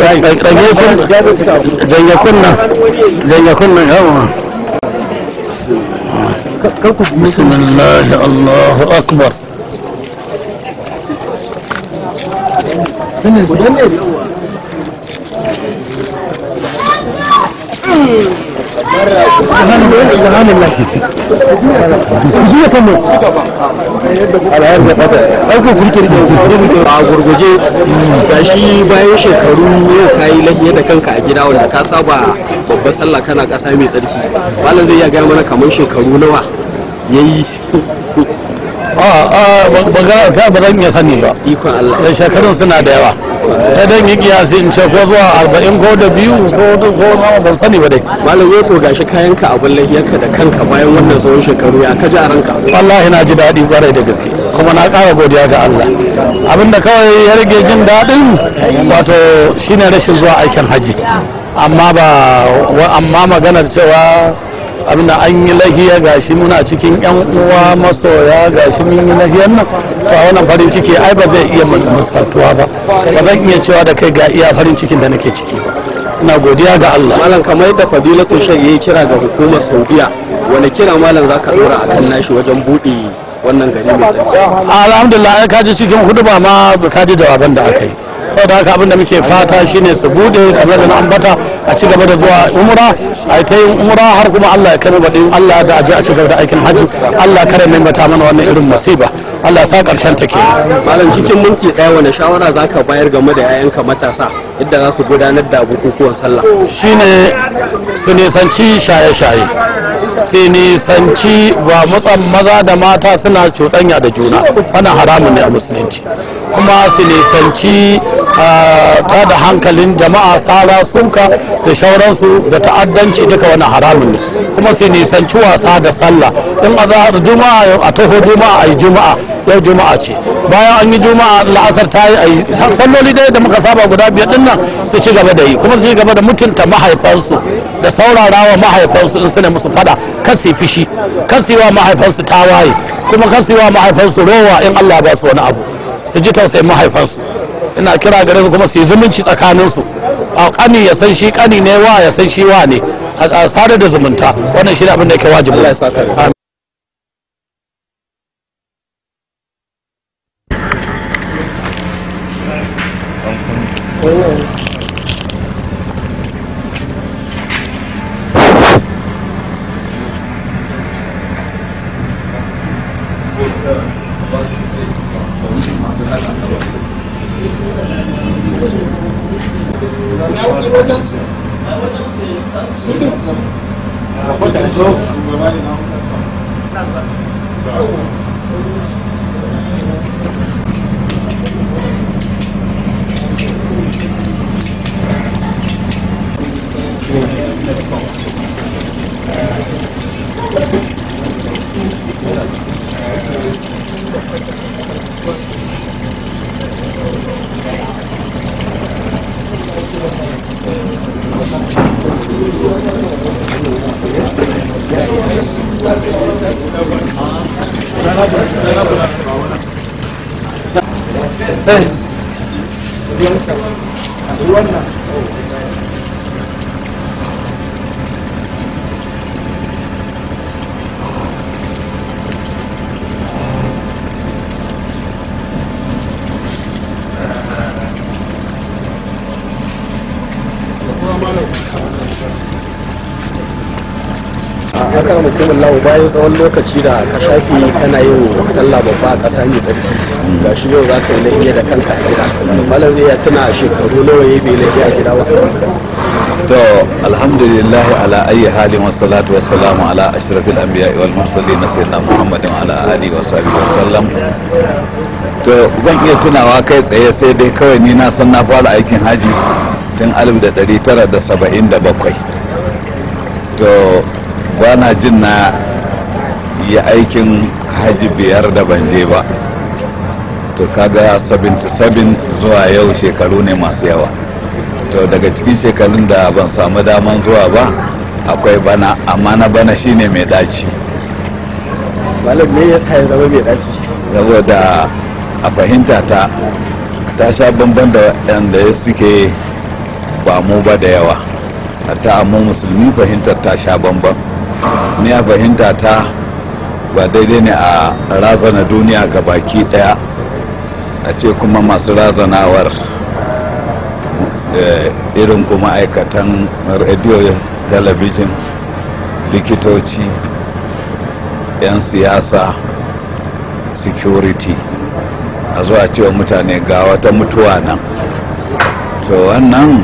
طيب طيب بسم الله الله اكبر subhanallah a gurguje ga shi bayan shekaru yau ka yi lahiya da kanka a gida wanda ka saba babbar sallah kana kasa mai tsarki malam zai iya gaya mana kamar shekaru nawa ya yi a ah, ah, ba ba zan iya sani ba da eh, shekarun suna da yawa ta eh, dan yi kiyasi in ce ko zuwa arba'in ko da biyu ko ko ban sani ba dai malam yato gashi kayan ka abin lahiyarka da kanka bayan wannan tsawon shekaru ya kaji a ranka wallahi na ji daɗi kwarai da gaske kuma na ƙara godiya ga Allah abinda kawai ya rage jin daɗin wato shine rashin zuwa aikin hajji amma ba amma maganar cewa abinda an yi lahiya gashi muna cikin yan uwa masoya gashi mun yi lahiyar nan to a wannan farin ciki ai ba zai iya misaltuwa ba ba zan iya cewa da kai ga iya farin cikin da nake ciki ba. na godiya ga Allah malam kamar yadda fadilatu shan yayi kira ga hukumar Saudiya wani kira malam zaka dora akan nashi wajen bude wannan gari mai alhamdulillah ka ji cikin huduba ba ma ka ji jawaban da aka yi saboda haka abin da muke fata shine su bude kamar da na ambata a ci gaba da zuwa umra a ta yin umra har kuma Allah ya kai mu baɗin Allah da aje a ci gaba da aikin hajji Allah kare mai mata mana wannan irin musiba Allah sa karshen take malam cikin minti ɗaya wani shawara zaka bayar game da 'ya'yanka matasa yadda za su gudanar da bukukuwan sallah shine su nisanci shaye-shaye su nisanci ba matsan maza da mata suna cuɗanya da juna wannan haramun ne a musulunci kuma su nisanci ah, ta da hankalin jama'a tsara suka da shauransu da ta'addanci duka wani haramun ne kuma su nisanci wasa da sallah in a juma'a a taho juma'a a yi juma'a yau juma'a ce bayan an yi juma'a la'asar ta yi a yi salloli dai da muka saba guda biyar dinnan su ci gaba da yi kuma su ci gaba da mutunta mahaifansu da saurarawa mahaifansu in su ne musu fada kasi su fishi kan su yi wa mahaifansu tawaye kuma kan su yi wa mahaifansu rowa in allah ba su wani abu su ji tausayin mahaifansu ina kira gare su kuma su yi zumunci tsakaninsu a kani ya san shi kani ne wa ya san shi wa ne a sadar da zumunta wannan shi ne abin da yake wajibi wajen su wajen su fes haka mutumin lau bayan tsawon lokaci da ka shafi kana yin sallah babba a ƙasa mai tsarki ga shi yau za ka yi lafiya da kanka a gida malam zai tuna shekaru nawa ya bai lafiya a gida wata to alhamdulillah ala ayi halin wa salatu wa salamu ala ashrafil anbiya wal mursalin sayyidina muhammadin wa ala alihi wa sahbihi wa sallam to zan iya tunawa kai tsaye sai dai kawai ni na san na fara aikin haji tun 1977 to bana jin na yi aikin haji biyar da ban je ba to kaga 77 zuwa yau shekaru ne masu yawa to daga cikin shekarun da ban samu daman zuwa ba akwai bana amma na bana shine mai daci malam ne ya sa zama mai daci saboda a fahimta ta ta sha bamban da waɗanda suke ba mu ba da yawa ta amma musulmi fahimtar ta sha bamban ni a fahimta ta ba daidai ne a razana duniya ga baki ɗaya a ce kuma masu razanawar eh, irin kuma aikatan radio talabijin likitoci 'yan siyasa security a zuwa cewa mutane ga wata mutuwa nan to wannan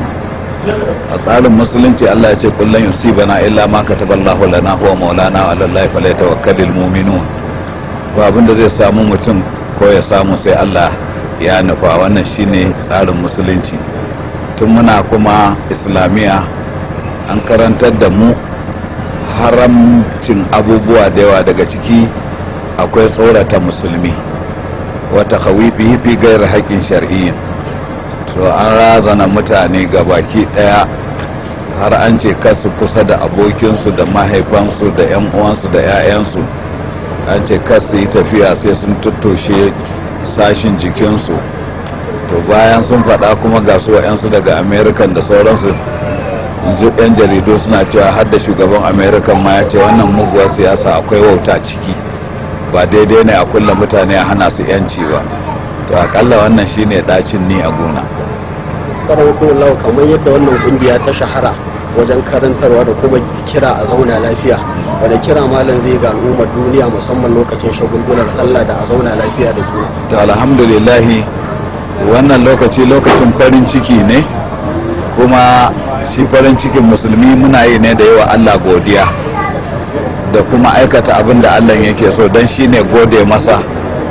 a tsarin musulunci allah ya ce kullum bana illa ma allahu lana huwa maulana wa falaita wa kadil mu'minun ba abinda zai samu mutum ko ya samu sai allah ya nufa wannan shine tsarin musulunci tun muna kuma islamiyya an karantar da mu haramcin abubuwa da yawa daga ciki akwai tsorata musulmi wata kawifi hifi gairar haƙƙin shari'i to an razana mutane ga baki ɗaya har an ce kasu kusa da abokinsu da mahaifansu da 'yan uwansu da 'ya'yansu an ce kasu yi tafiya sai sun tattoshe sashin jikinsu to bayan sun faɗa kuma ga su wa'yansu daga american da sauransu yan jaridu suna cewa har da shugaban american ma ya ce wannan muguwar siyasa akwai wauta ciki ba daidai ne a kulla mutane a hana su yanci ba to akalla wannan shine dacin ni a gona kamar yadda wannan kungiya ta shahara wajen karantarwa da kuma kira a zauna lafiya wanda kira malam zai ga al'ummar duniya musamman lokacin shagulgunar sallah da a zauna lafiya da juna to alhamdulillahi wannan lokaci lokacin farin ciki ne kuma shi farin cikin musulmi muna yi ne da yawa allah godiya da kuma aikata abin da allah yake so don shi ne gode masa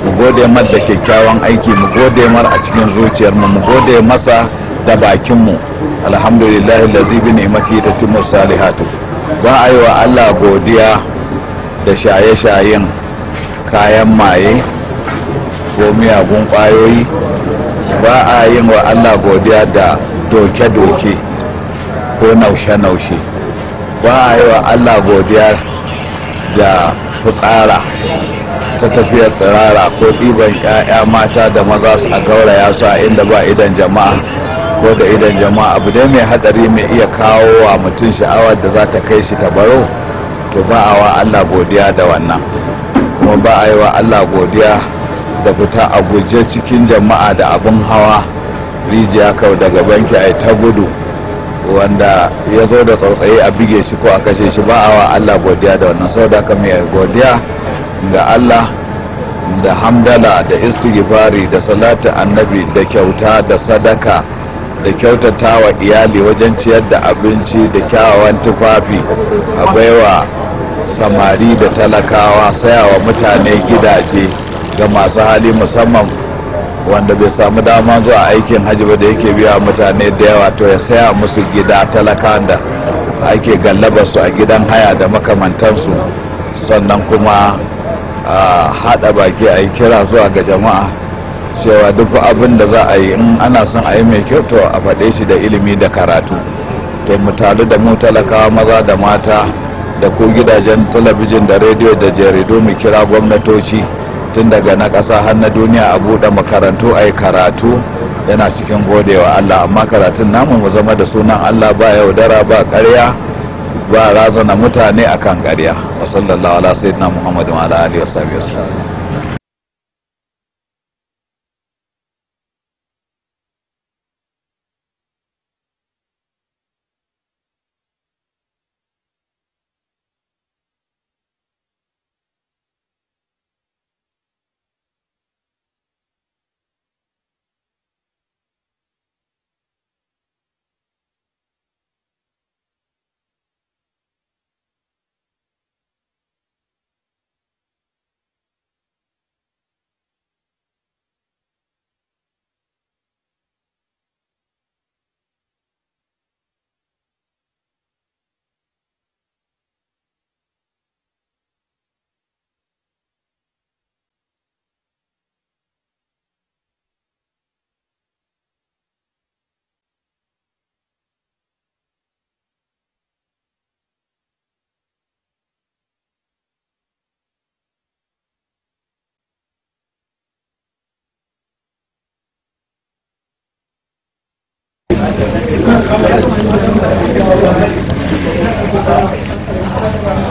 mu gode mar da kyakkyawan aiki mu gode mar a cikin zuciyarmu mu gode masa da bakinmu alhamdulillahi lazi bi ni'mati tatimmu salihatu ba a yi wa Allah godiya da shaye-shayen kayan maye ko miyagun ƙwayoyi ba a yin wa Allah godiya da doke-doke ko naushe-naushe ba a yi wa Allah godiya da fitsara ta tafiyar tsirara ko ɗiban 'ya'ya mata da maza su a gauraya su a inda ba idan jama'a ko da idan jama'a abu dai mai hadari mai iya kawo wa mutum sha'awa da za ta kai shi ta baro to ba a wa allah godiya da wannan kuma ba a yi wa allah godiya da fita a guje cikin jama'a da abin hawa rijiya kau daga banki a ta gudu wanda ya zo da tsautsaye a bige shi ko a kashe shi ba a wa allah godiya da wannan saboda haka mai godiya ga allah da hamdala da istighfari da salatu annabi da kyauta da sadaka da kyautata wa iyali wajen ciyar da abinci da kyawawan tufafi a baiwa samari da talakawa sayawa mutane gidaje ga masu hali musamman wanda bai samu dama zuwa aikin hajji ba da yake biya mutane da yawa to ya saya musu gida talaka da ake gallaba su a gidan haya da makamantansu sannan kuma a haɗa baki a yi kira zuwa ga jama'a cewa duk abin da za a yi in ana son a yi mai kyau to a faɗe shi da ilimi da karatu to mu talu da mu talakawa maza da mata da ko gidajen talabijin da rediyo da jaridu mu kira gwamnatoci tun daga na ƙasa har na duniya a buɗe makarantu a yi karatu yana cikin godewa allah amma karatun namu mu zama da sunan allah ba yaudara ba ƙarya ba razana mutane akan ƙarya wa sallallahu ala sayyidina muhammadin wa ala alihi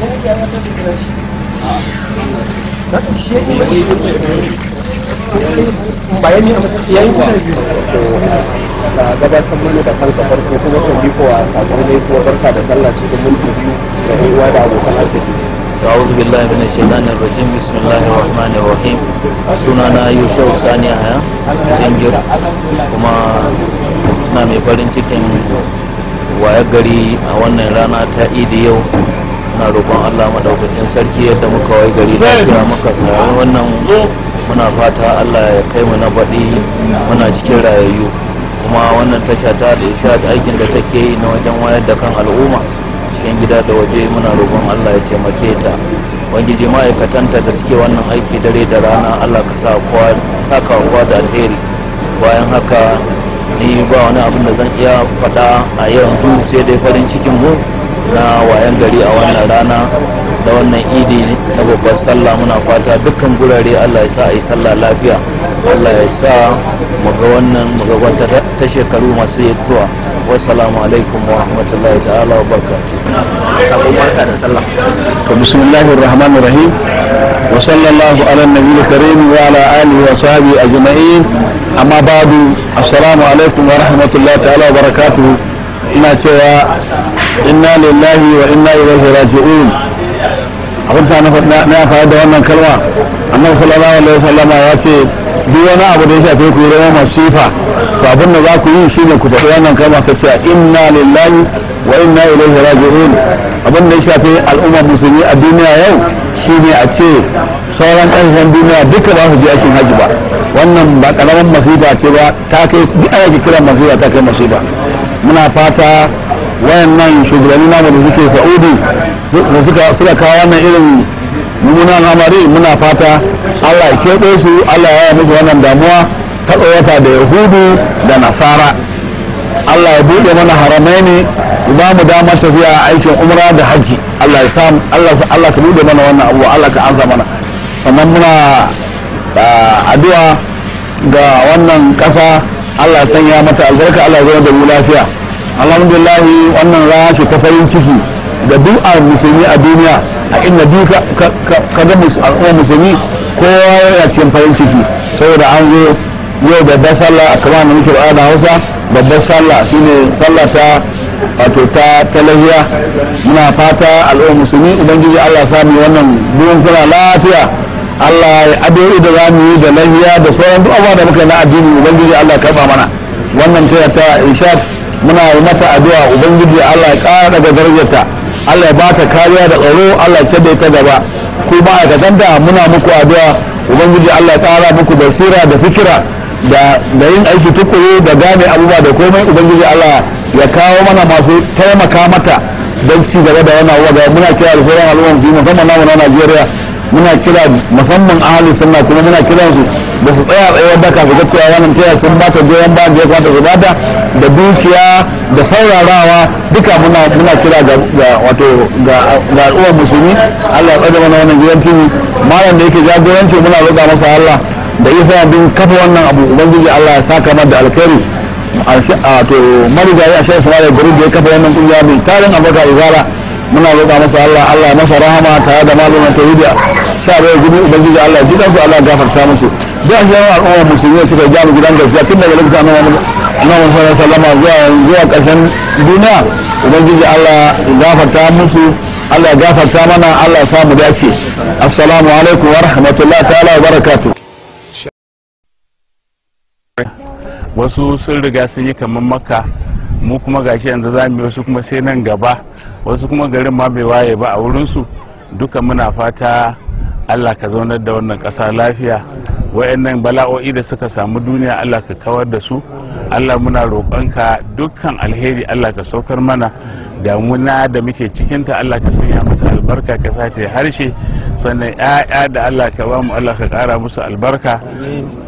za ka shi yi mai bayani a matsayin yayin kuma gabatar mana da kanka farko kuma kan bi kowa sakon barka da sallah cikin minti biyu da rayuwa da abokan arziki أعوذ بالله من الشيطان الرجيم بسم الله الرحمن الرحيم سنانا يوشو جنجر kuma na mai farin cikin waya gari a wannan rana ta idi yau na roƙon allah maɗaukakin sarki yadda muka wai gari lafiya muka tsari wannan muna fata allah ya kai mu na baɗi muna cikin rayayyu kuma wannan tasha ta da isha da aikin da take yi na wajen wayar da kan al'umma cikin gida da waje muna roƙon allah ya taimake ta ma'aikatan ma'aikatanta da suke wannan aiki dare da rana allah ka sa kawo da alheri bayan haka ni ba wani abin da zan iya faɗa a yanzu sai dai farin cikin mu na wayan gari a wannan rana da wannan idi na babbar sallah muna fata dukkan gurare allah ya sa a yi sallah lafiya allah ya sa muga wannan magabata ta shekaru masu yattuwa wasalamu alaikum wa rahmatullahi ta'ala wa barakatuh sabon barka ta sallah to bismillahir rahmanir rahim wa sallallahu ala nabiyil karim wa ala alihi wa sahbihi ajma'in amma ba'du assalamu alaikum wa rahmatullahi ta'ala wa barakatuh ina cewa inna lillahi wa inna ilaihi raji'un abin sa na fara da wannan kalma annabi sallallahu alaihi wasallam ya ce duk wani abu da ya shafe ku ruwa masifa to abin da za ku yi shi ne ku faɗi wannan kalma ta ce inna lillahi wa inna ilaihi raji'un abin da ya shafe al'ummar musulmi a duniya yau shine a ce sauran ƙasashen duniya duka ba su je aikin hajji ba wannan ba ƙaramin masifa ce ba ta kai duk ana kira masifa ta kai masifa muna fata wayannan shugabanni namu da suke sa'udi suka kawo wannan irin mummunan amari muna fata allah ya keɓe su allah ya musu wannan damuwa ta tsawata da yahudu da nasara allah ya buɗe mana haramai ne ba mu damar tafiya aikin umra da hajji allah ya samu allah ka buɗe mana wannan abuwa allah ka ansa mana sannan muna ah, addu'a ga wannan ƙasa Allah sanya mata albarka Allah zama da mu lafiya alhamdulillah wannan rana ce ta farin ciki ga duk a musulmi a duniya a inda duk ka ga musulmi kowa ya cikin farin ciki saboda an zo yau babbar sallah kamar muke ba da hausa babbar sallah shine sallah ta wato ta talahiya muna fata al'ummar musulmi ubangiji allah sami wannan burin lafiya Allah addu'o'i da za mu yi da lahiya da sauran duk abubuwa da muka yi na addini ubangiji Allah karba mana wannan taya ta ishaq muna yi mata addu'a ubangiji Allah ya kara daga darajarta Allah ya bata kariya da tsaro Allah ya da ta gaba ku a da muna muku addu'a ubangiji Allah ya kara muku basira da fikira da yin aiki tukuru da gane abubuwa da komai ubangiji Allah ya kawo mana masu taimaka mata don ci gaba da wannan abubuwa muna kira da sauran al'umma musamman namu na Najeriya muna kira musamman ahli sunna kuma muna kiran su da su tsaya tsaye baka su ga cewa wannan taya sun bata goyon ba da ya kwata su bata da dukiya da saurarawa duka muna kira ga wato ga ga al'ummar musulmi Allah ya tsada mana wannan gidan tini malam da yake jagoranci muna roƙa masa Allah da yi sa bin kafa wannan abu ubangiji Allah ya saka mar da alkhairi a to marigayi a shan sana'a da gurin da ya kafa wannan kungiya mai tarin abokan izara muna roƙa masa Allah Allah ya masa rahama tare da malaman tauhidi sha bai gudu ubangiji Allah ya jikansu Allah ya gafarta musu da an jawo al'umma musulmi suka ja mu gidan gaskiya tun daga lokacin annabi wani sallallahu sallama zuwa zuwa ƙarshen duniya ubangiji Allah ya gafarta musu Allah ya gafarta mana Allah ya samu dace assalamu alaikum wa rahmatullahi ta'ala wa barakatuh wasu sun riga sun yi kamar makka mu kuma gashi yanzu za mu wasu kuma sai nan gaba wasu kuma garin ma bai waye ba a wurin su duka muna fata allah ka zaunar da wannan ƙasa lafiya wayannan bala'o'i da suka samu duniya Allah ka kawar da su Allah muna roƙonka dukkan alheri Allah ka saukar mana damuna da muke cikinta Allah ka sanya mata albarka ka sace harshe sannan ya'ya da Allah ka ba mu Allah ka ƙara musu albarka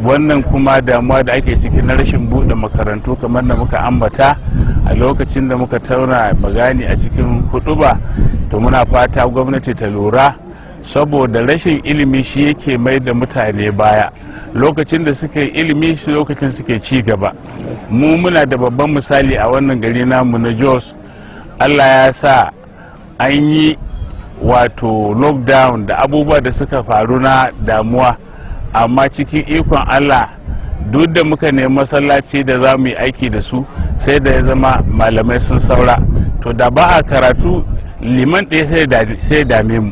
wannan kuma damuwa da ake ciki na rashin buɗe makarantu kamar da muka ambata a lokacin da muka tauna magani a cikin kuɗuba to muna fata gwamnati ta lura saboda rashin ilimi shi yake mai da mutane baya lokacin da suka yi ilimi shi lokacin suke ci gaba mu muna da babban misali a wannan gari namu na jos allah ya sa an yi wato lockdown da abubuwa da suka faru na damuwa amma cikin ikon allah duk da muka nemi masallaci da za mu yi aiki da su sai da ya zama malamai sun saura to da ba a karatu liman ɗaya sai dame mu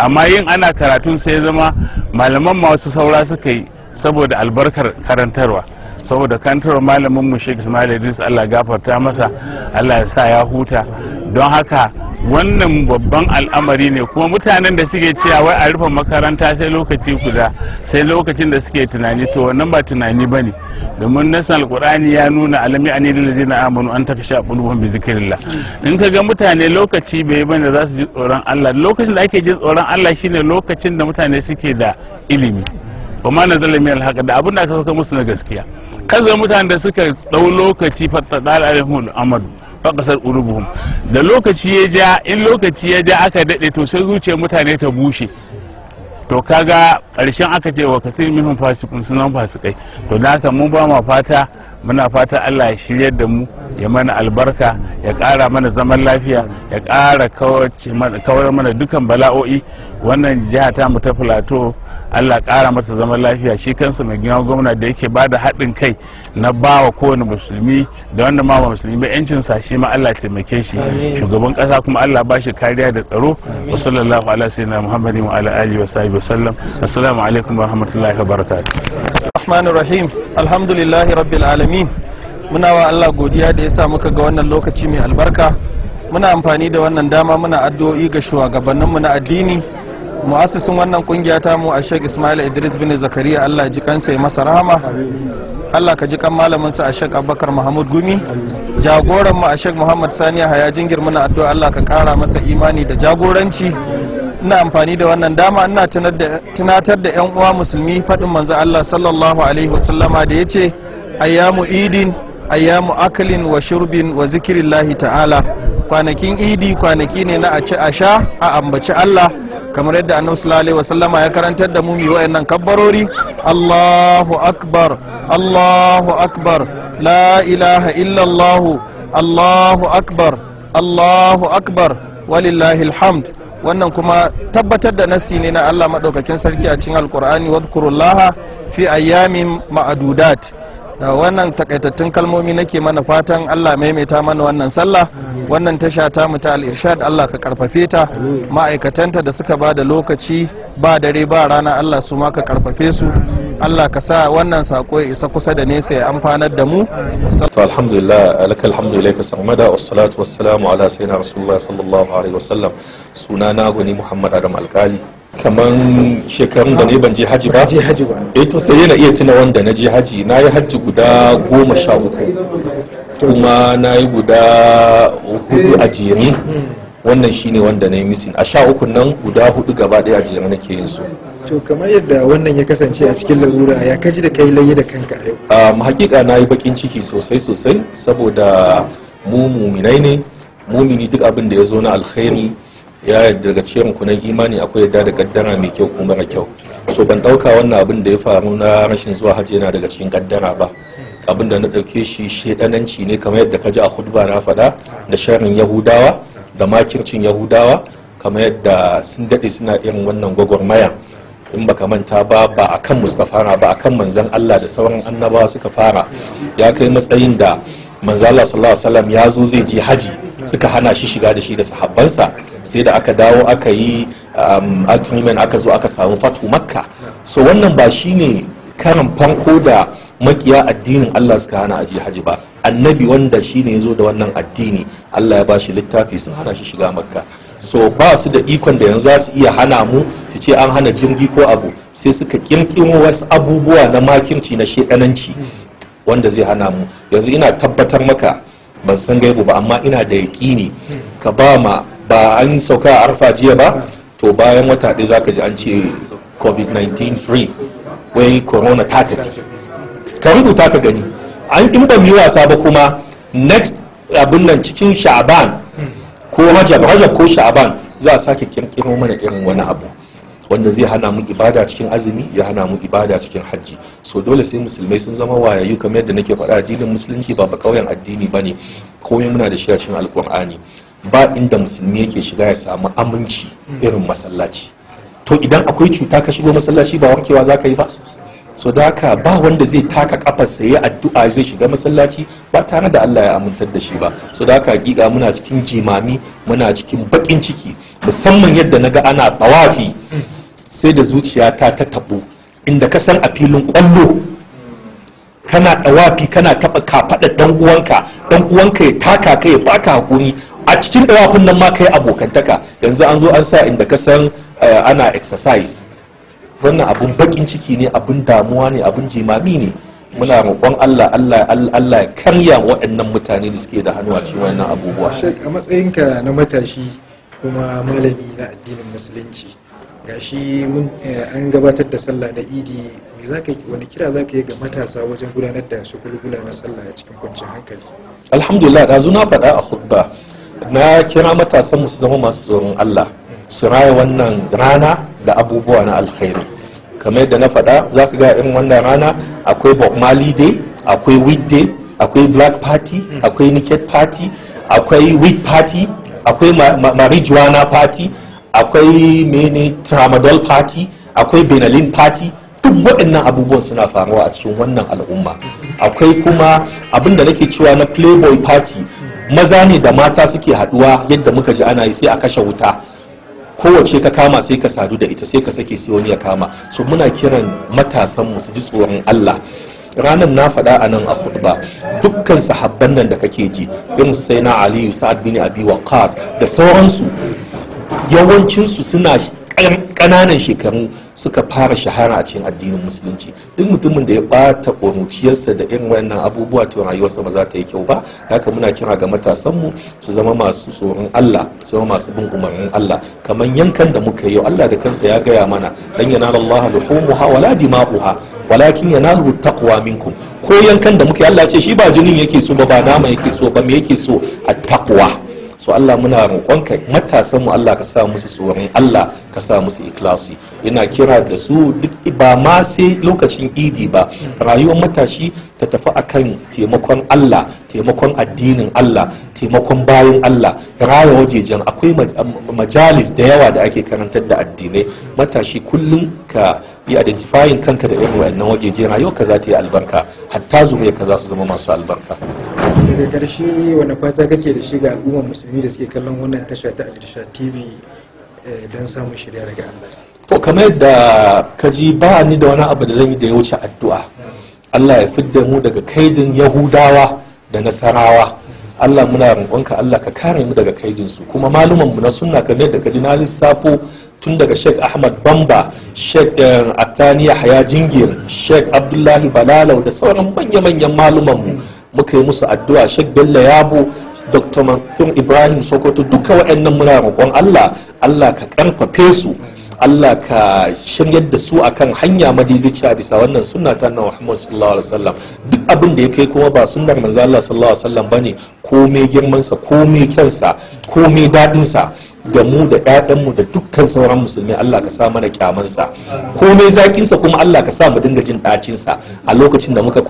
amma yin ana karatun sai zama malaman ma wasu saura suka yi saboda albarkar karantarwa saboda kantarwa malamin mu sheikh ismail idris allah gafarta masa allah ya sa ya huta don haka wannan babban al'amari ne kuma mutanen da suke cewa wai a rufe makaranta sai lokaci guda sai lokacin da suke tunani to wannan ba tunani ba ne domin nasan alkur'ani ya nuna alami a nilin zina amanu an taka sha bulubun bi zikirillah in ka ga mutane lokaci bai bane da za su ji tsoron Allah lokacin da ake ji tsoron Allah shine lokacin da mutane suke da ilimi ba ma zala miyar alhaq da abin da aka saka musu na gaskiya kaza mutane da suka ɗau lokaci fatada alaihul amadu faƙasar unubuhum da lokaci ya ja in lokaci ya ja aka daɗe to sai zuciyar mutane ta bushe to kaga ƙarshen aka ce wa kasir minhum fasikun sunan fasikai to da haka mun ba ma fata muna fata allah ya shiryar da mu ya mana albarka ya ƙara mana zaman lafiya ya ƙara kawar mana dukan bala'o'i wannan jiha ta mu ta filato allah ƙara masa zaman lafiya shi kansa mai gina gwamna da yake ba da haɗin kai na ba wa kowane musulmi da wanda ma ba musulmi ba sa shi ma allah taimake shi shugaban ƙasa kuma allah ba shi kariya da tsaro wa sallallahu ala sayyidina muhammadin wa ala alihi wa sahbihi wa sallam assalamu alaikum wa rahmatullahi wa barakatuh rahmanir rahim alhamdulillahi rabbil alamin alamin muna wa Allah godiya da ya sa muka ga wannan lokaci mai albarka muna amfani da wannan dama muna addu'o'i ga shugabanninmu na addini mu'assisin wannan kungiya ta mu a Sheikh Ismail Idris bin Zakariya Allah ji kansa ya masa rahama Allah ka ji kan malamin sa a Sheikh Abubakar Mahmud Gumi jagoran mu a Sheikh Muhammad Sani Haya jingir muna addu'a Allah ka kara masa imani da jagoranci ina amfani da wannan dama ina tunatar da 'yan uwa musulmi faɗin manzo Allah sallallahu alaihi wasallama da yace ce ayyamu idin ayyamu akalin wa shurbin wa zikirillahi ta'ala kwanakin idi kwanaki ne na a ci a sha a ambaci Allah kamar yadda annabi sallallahu alaihi wasallama ya karantar da mu mi wayannan kabbarori Allahu akbar Allahu akbar la ilaha illa Allah Allahu akbar Allahu akbar walillahi alhamd wannan kuma tabbatar da nasi ne na Allah maɗaukakin sarki a cikin alkur'ani wadhkurullaha fi ayyamin ma'adudat da wannan takaitattun kalmomi nake mana fatan allah maimaita mana wannan sallah wannan tasha ta mu ta al-irshad allah ka karfafe ta ma'aikatanta da suka ba da lokaci ba dare ba rana allah su ma ka karfafe su allah ka sa wannan sako ya isa kusa da nesa ya amfanar da mu to alhamdulillah alaka alhamdulillah ka samada wassalatu wassalamu ala sayyidina rasulullah sallallahu alaihi wasallam sunana gani muhammad adam alkali kamar shekarun da ne ban je haji ba je eh to sai yana iya tuna wanda na je haji na yi haji guda goma sha uku kuma na yi guda hudu a jere wannan shine wanda na yi misin a sha uku nan guda hudu gaba daya a jere nake yin su to kamar yadda wannan ya kasance a cikin larura ya kaji da kai layi da kanka yau hakika na yi bakin ciki sosai sosai saboda mu muminai ne mumini duk abin da ya zo na alkhairi ya daga cikin kunan imani akwai yadda da kaddara mai kyau kuma mara kyau so ban dauka wannan abin da ya faru na rashin zuwa hajji yana daga cikin kaddara ba abin da na dauke shi shedananci ne kamar yadda ka ji a hudba na faɗa da sharin yahudawa da makircin yahudawa kamar yadda sun daɗe suna irin wannan gwagwarmaya in baka manta ba ba a kan musu fara ba a kan manzan Allah da sauran annabawa suka fara ya kai matsayin da manzala sallallahu alaihi wasallam ya zo zai je haji suka hana shi shiga da shi da sahabbansa sai da aka dawo aka yi um, agreement aka zo aka samu fatu makka so wannan ba shine karan fanko da makiya addinin Allah suka hana aji haji ba annabi wanda shine ya zo da wannan addini Allah ya ba shi littafi sun hana shi shiga makka so ba su da ikon da yanzu za su iya hana mu su ce an hana jirgi ko abu sai suka kirkiro wasu abubuwa na makirci na shekananci wanda zai hana mu yanzu ina tabbatar maka ban san gaibu ba amma ina da yaƙini ka ba ma ba an sauka a arfa jiya ba to bayan wata ɗaya zaka ji an ce covid-19 free wai corona ta tafi ka rubuta ka gani an in ba mu wasa ba kuma next abin nan cikin sha'aban ko rajab rajab ko sha'aban za a sake kirkiro mana irin wani abu wanda zai hana mu ibada cikin azumi ya hana mu ibada cikin hajji so dole sai musulmai sun zama wayayu kamar yadda nake faɗa addinin musulunci ba kauyen addini ba ne komai muna da shi a cikin Alƙur'ani ba inda musulmi yake shiga ya samu aminci irin masallaci to idan akwai cuta ka shigo masallaci ba wankewa za ka yi ba so da haka ba wanda zai taka sai ya addu'a zai shiga masallaci ba tare da Allah ya amintar da shi ba so da haka hakika muna cikin jimami muna cikin bakin ciki musamman yadda naga ana tawafi sai da zuciya ta ta tabo inda ka san a filin kwallo kana dawafi kana taba kafaɗa dan uwanka dan uwanka ya taka ka ya baka hakuri a cikin dawafin nan ma kai abokantaka yanzu an zo an sa inda ka san eh, ana exercise wannan abun bakin ciki ne abun damuwa ne abun jimami ne muna roƙon Allah Allah Allah karya waɗannan mutane da suke da hannu a cikin wannan abubuwa a matsayinka na matashi kuma malami na addinin musulunci gashi eh, an gabatar da sallah da idi wani kira za ka yi ga matasa wajen gudanar da shagulgula na sallah a cikin kwanciyar hankali alhamdulillah da na faɗa a hudba na kira matasa musu zama masu tsoron allah su raya wannan rana da abubuwa na alkhairi kamar yadda na faɗa za ka ga irin wannan rana akwai bob mali day akwai weed day akwai black party akwai naked party akwai weed party akwai marijuana party akwai mene tramadol party akwai benalin party duk waɗannan abubuwan suna faruwa a cikin wannan al'umma akwai kuma abin da nake cewa na playboy party maza ne da mata suke haduwa yadda muka ji ana yi sai a kashe wuta kowace ka kama sai ka sadu da ita sai ka sake sai wani ya kama so muna kiran matasanmu su ji tsoron allah ranan na faɗa a nan a khutba dukkan sahabban nan da kake ji irin sai na aliyu sa'ad bin abi Waqqas da sauransu yawancinsu suna ƙananan shekaru suka fara shahara a cikin addinin musulunci duk mutumin da ya bata ƙuruciyarsa da irin wannan abubuwa ta rayuwarsa ba za ta yi kyau ba haka muna kira ga matasanmu su zama masu tsoron Allah su zama masu bin umarnin Allah kamar yankan da muka yi Allah da kansa ya gaya mana dan yanala Allah luhumuha wala dima'uha walakin yanalu taqwa minkum ko yankan da muka yi Allah ce shi ba jinin yake so ba ba nama yake so ba me yake so a taqwa so Allah muna kai matasan mu Allah ka sa musu tsoron Allah ka sa musu ikhlasi ina kira da su duk ba ma sai lokacin idi ba rayuwar matashi ta tafi akan taimakon Allah taimakon addinin Allah taimakon bayan Allah raya wajejen akwai majalis da yawa da ake karantar da addinai matashi kullum ka yi identifying kanka da irin wayannan rayuwar ka za ta yi albarka hatta ka za su zama masu albarka daga karshe wani fata kake da shi ga al'ummar musulmi da suke kallon wannan tasha ta alirsha tv eh, don samun shirya daga allah to kamar yadda ka ji ba ni da wani abu da zan yi da ya wuce addu'a allah ya fidda mu daga kaidin yahudawa da nasarawa allah muna roƙonka allah ka kare mu daga kaidin su kuma maluman mu na sunna kamar yadda ka ji na lissafo tun daga sheikh ahmad bamba sheikh eh, athaniya haya jingir sheikh abdullahi balalau da sauran manya-manyan mu. muka yi musu addu'a Sheikh Bello Yabo Dr. Mansur Ibrahim Sokoto duka waɗannan muna roƙon Allah Allah ka ƙarfafe su Allah ka shiryar da su akan hanya madidici a bisa wannan sunna ta na Muhammad sallallahu alaihi wasallam duk abin da ya kai kuma ba sunnar manzo Allah sallallahu alaihi wasallam bane komai girman sa komai kyansa komai dadin da mu da ƴaƴanmu da dukkan sauran musulmi Allah ka sa mana kyamansa komai zaƙinsa kuma Allah ka sa mu dinga jin ɗacinsa a lokacin da muka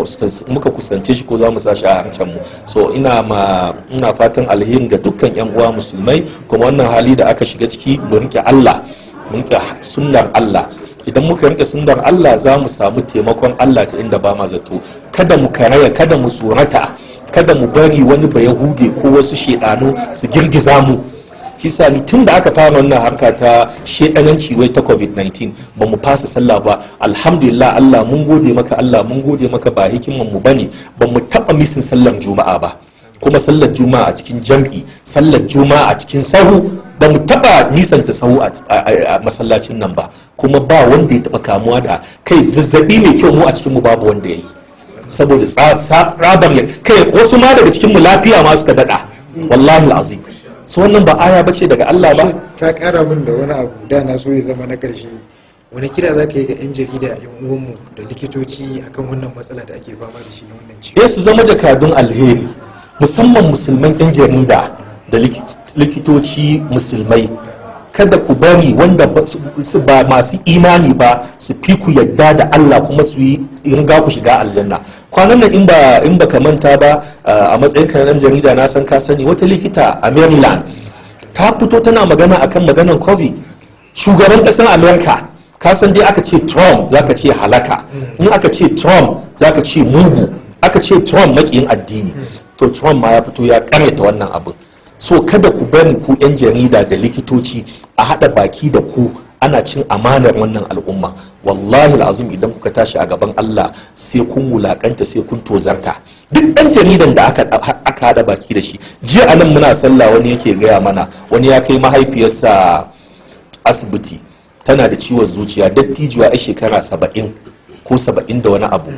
muka kusance shi ko za mu sa a harshen mu so ina ma ina fatan alheri ga dukkan ƴan uwa musulmai kuma wannan hali da aka shiga ciki mu rike Allah mu sunnar Allah idan muka rike sunnar Allah za mu samu taimakon Allah ta inda ba ma zato kada mu karaya kada mu tsorata kada mu bari wani bayahude ko wasu shedanu su girgiza mu shi sa ni tun da aka fara wannan harka ta shedananci wai ta covid-19 ba mu fasa sallah ba alhamdulillah Allah mun gode maka Allah mun gode maka ba hikiman mu bane ba mu taba misin sallar juma'a ba kuma sallar juma'a a cikin jam'i sallar juma'a a cikin sahu ba mu taba nisanta sahu a masallacin nan ba kuma ba wanda ya taba kamuwa da kai zazzabi mai kyau mu a cikin mu babu wanda yayi yi saboda tsabar kai wasu ma daga cikin mu lafiya ma suka dada wallahi azim su wannan ba aya bace daga Allah ba ta kara min da wani abu da na so ya zama na karshe wani kira za ka yi ga 'yan jarida 'yan uwanmu da likitoci akan wannan matsala da ake fama da shi na wannan ciwo eh, su zama jakadun alheri musamman musulman 'yan jarida da likitoci musulmai kada ku bari wanda ba masu imani ba su fi ku yadda da Allah kuma su yi in ga ku shiga aljanna kwanan nan in ba ka manta ba a matsayin ka jarida na san ka sani wata likita a Maryland ta fito tana magana akan maganar covid shugaban ƙasar amerika ka san dai aka ce Trump zaka ce halaka mm. in aka ce Trump zaka ce mugu aka ce Trump makiyin addini mm. to Trump ma ya fito ya karyata wannan abin so kada ku bari ku 'yan jarida da likitoci a haɗa baki da ku ana cin amanar wannan al'umma wallahi azim idan kuka tashi a gaban Allah sai kun wulakanta sai kun tozarta duk ɗan jaridan da aka aka hada baki da shi jiya anan muna sallah wani yake gaya mana wani ya kai mahaifiyarsa asibiti tana da ciwon zuciya dattijuwa a shekara saba'in ko saba'in da wani abu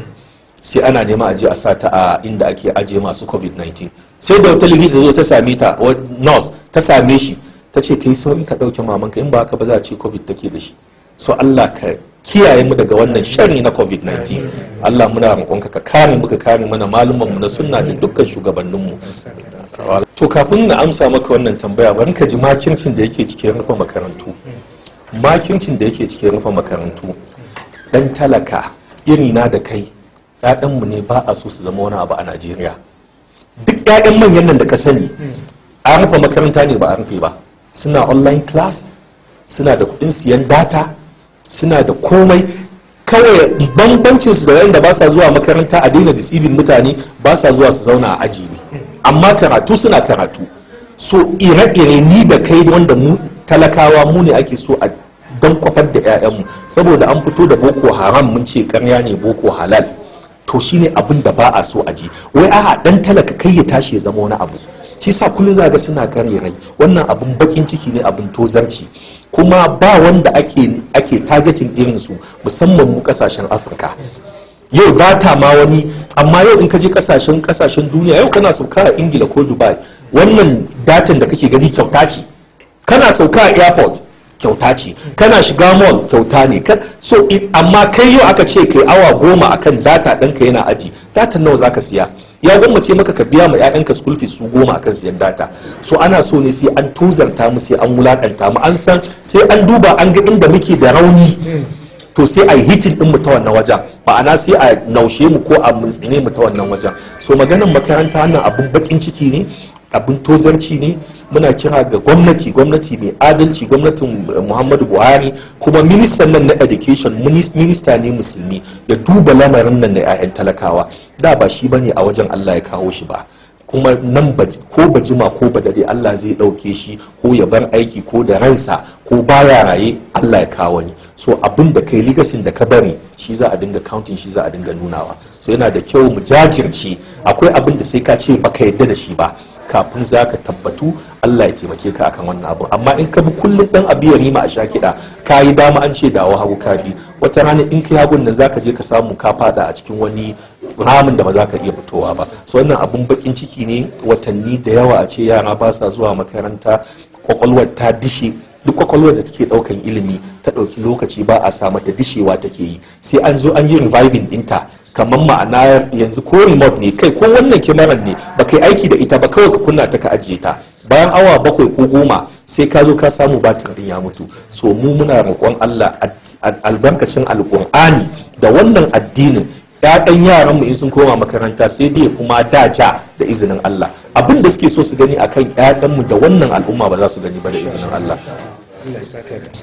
sai ana nema a je a sa ta a inda ake aje masu covid-19 sai da wata likita zo ta same ta nurse ta same shi ta ce kai sauki ka ɗauke mamanka in ba haka ba za a ce covid take da shi so Allah ka kiyaye mu daga wannan sharri na covid-19 Allah muna roƙonka ka kare mu kare mana malumanmu na sunna da dukkan mu to kafin na amsa maka wannan tambaya bari ka ji makincin da yake cikin rufe makarantu makincin da yake cikin rufe makarantu dan talaka iri na da kai 'ya'yanmu ne ba a so su zama wani abu a Najeriya duk 'ya'yan manyan nan da ka sani a rufe makaranta ne ba a rufe ba suna online class suna da kudin siyan data suna da komai kawai bambancin su da wanda ba sa zuwa makaranta a daina deceiving mutane ba sa zuwa su zauna a aji ne amma karatu suna karatu so ire-ire ni da kai wanda mu talakawa mu ne ake so a dan kwafar da 'ya'yanmu saboda an fito da boko haram mun ce karya ne boko halal to shine abin da ba a so a ji wai a dan talaka kai ya tashi ya zama wani abu shi sa kullum za ga suna kare rai wannan abin bakin ciki ne abin tozarci kuma ba wanda ake ake targeting irin su musamman mu kasashen afirka yau ba ta ma wani amma yau in ka je kasashen kasashen duniya yau kana sauka a ingila ko dubai wannan datan da kake gani kyauta ce kana sauka a airport kyauta ce kana shiga mall kyauta ne so amma kai yau aka ce kai awa goma akan data ɗanka yana aji data nawa zaka siya ya gwammace maka ka biya ma 'ya'yanka school fees su goma akan siyan data so ana so ne sai an tuzarta mu sai an wulakanta mu an san sai an duba an ga inda muke da rauni to sai a yi hitin din mu ta wannan wajen ma'ana sai a naushe mu ko a mintsine mu ta wannan wajen so maganan makaranta wannan abun bakin ciki ne abin tozarci ne muna kira ga gwamnati gwamnati mai adalci gwamnatin muhammadu buhari kuma ministan nan na education minista ne musulmi ya duba lamarin nan na 'ya'yan talakawa da ba shi bane a wajen allah ya kawo shi ba kuma nan ko bajima ko ba dade Allah zai ɗauke shi ko ya bar aiki ko da ransa ko baya raye Allah ya kawo ni so abin da kai ligasin da ka bari shi za a dinga counting shi za a dinga nunawa so yana da kyau mu jajirce akwai abin da sai ka ce baka yadda da shi ba kafin za ka tabbatu Allah ya taimake ka akan wannan abu amma in ka bi kullum dan abu ya rima a sha kiɗa ka yi dama an ce dawo hagu ka bi wata rana in ka hagun nan za ka je ka samu ka fada a cikin wani ramin da ba za ka iya fitowa ba so wannan abun bakin ciki ne watanni da yawa a ce yara ba sa zuwa makaranta kwakwalwar ta dishe duk kwakwalwar da take daukan ilimi ta dauki lokaci ba a sa mata dishewa take yi sai an zo an yi reviving dinta kamar ma'ana yanzu ko remote ne kai ko wannan kyamarar ne ba kai aiki da ita ba kawai ka kunna ta ka ajiye ta bayan awa bakwai ko goma sai ka zo ka samu batir din ya mutu so mu muna roƙon Allah albarkacin alƙur'ani da wannan addinin ‘ya'yan yaran mu in sun koma makaranta sai dai kuma daja da izinin Allah abin da suke so su gani akan ƴaƴan mu da wannan al'umma ba za su gani ba da izinin Allah Second.